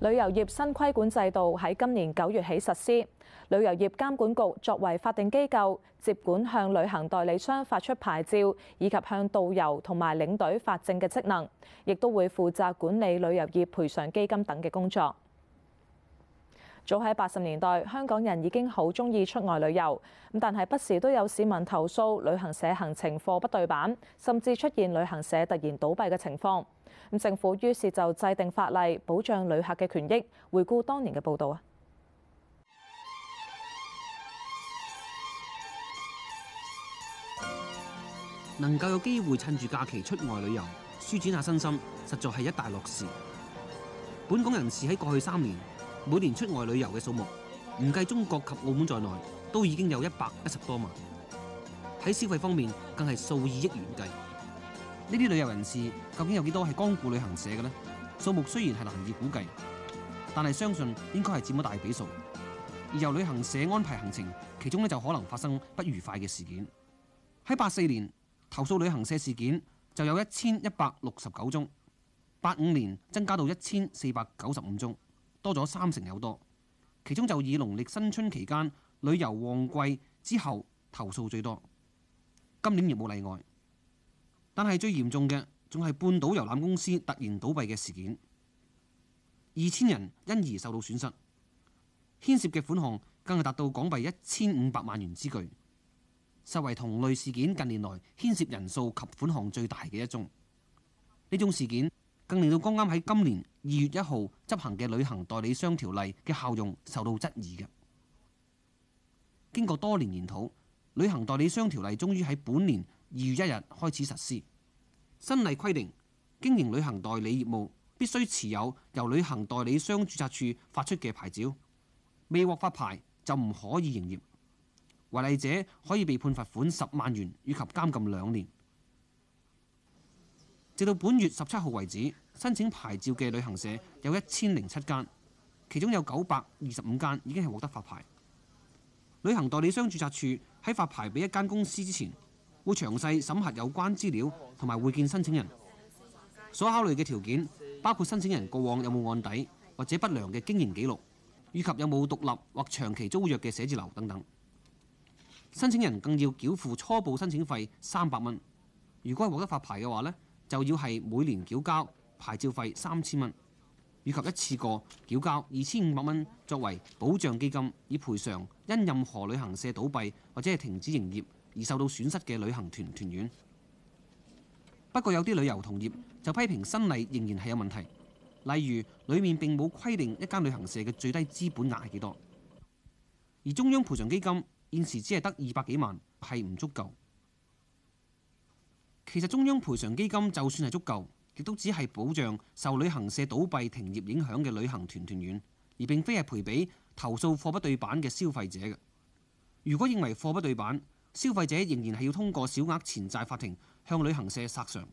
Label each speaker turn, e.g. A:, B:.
A: 旅遊業新規管制度喺今年九月起實施，旅遊業監管局作為法定機構，接管向旅行代理商發出牌照，以及向導遊同埋領隊發證嘅職能，亦都會負責管理旅遊業賠償基金等嘅工作。早喺八十年代，香港人已經好鍾意出外旅遊，咁但係不時都有市民投訴旅行社行程貨不對辦，甚至出現旅行社突然倒閉嘅情況，咁政府於是就制定法例，保障旅客嘅權益。回顧當年嘅報道啊，
B: 能夠有機會趁住假期出外旅遊舒展下身心，實在係一大樂事。本港人士喺過去三年。每年出外旅遊嘅數目，唔計中國及澳門在內，都已經有一百一十多萬。喺消費方面，更係數以億元計。呢啲旅遊人士究竟有幾多係光顧旅行社嘅呢？數目雖然係難以估計，但係相信應該係佔咗大比數。而由旅行社安排行程，其中呢就可能發生不愉快嘅事件。喺八四年投訴旅行社事件就有一千一百六十九宗，八五年增加到一千四百九十五宗。多咗三成有多，其中就以農曆新春期間旅遊旺季之後投訴最多，今年亦冇例外。但係最嚴重嘅仲係半島遊覽公司突然倒閉嘅事件，二千人因而受到損失，牽涉嘅款項更係達到港幣一千五百萬元之巨，實為同類事件近年來牽涉人數及款項最大嘅一宗。呢種事件，更令到剛啱喺今年二月一號執行嘅旅行代理商條例嘅效用受到質疑嘅。經過多年研討，旅行代理商條例終於喺本年二月一日開始實施。新例規定，經營旅行代理業務必須持有由旅行代理商註冊處發出嘅牌照，未獲發牌就唔可以營業。違例者可以被判罰款十萬元以及監禁兩年。至到本月十七號為止，申請牌照嘅旅行社有一千零七間，其中有九百二十五間已經係獲得發牌。旅行代理商註冊處喺發牌俾一間公司之前，會詳細審核有關資料同埋會見申請人。所考慮嘅條件包括申請人過往有冇案底或者不良嘅經營記錄，以及有冇獨立或長期租約嘅寫字樓等等。申請人更要繳付初步申請費三百蚊。如果係獲得發牌嘅話呢，就要係每年繳交牌照費三千蚊，以及一次過繳交二千五百蚊作為保障基金，以賠償因任何旅行社倒閉或者係停止營業而受到損失嘅旅行團團員。不過有啲旅遊同業就批評新例仍然係有問題，例如裡面並冇規定一間旅行社嘅最低資本額係幾多，而中央賠償基金現時只係得二百幾萬，係唔足夠。其實中央賠償基金就算係足夠，亦都只係保障受旅行社倒閉停業影響嘅旅行團團員，而並非係賠俾投訴貨不對辦嘅消費者嘅。如果認為貨不對辦，消費者仍然係要通過小額錢債法庭向旅行社索償。